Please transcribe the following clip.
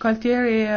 Galtieri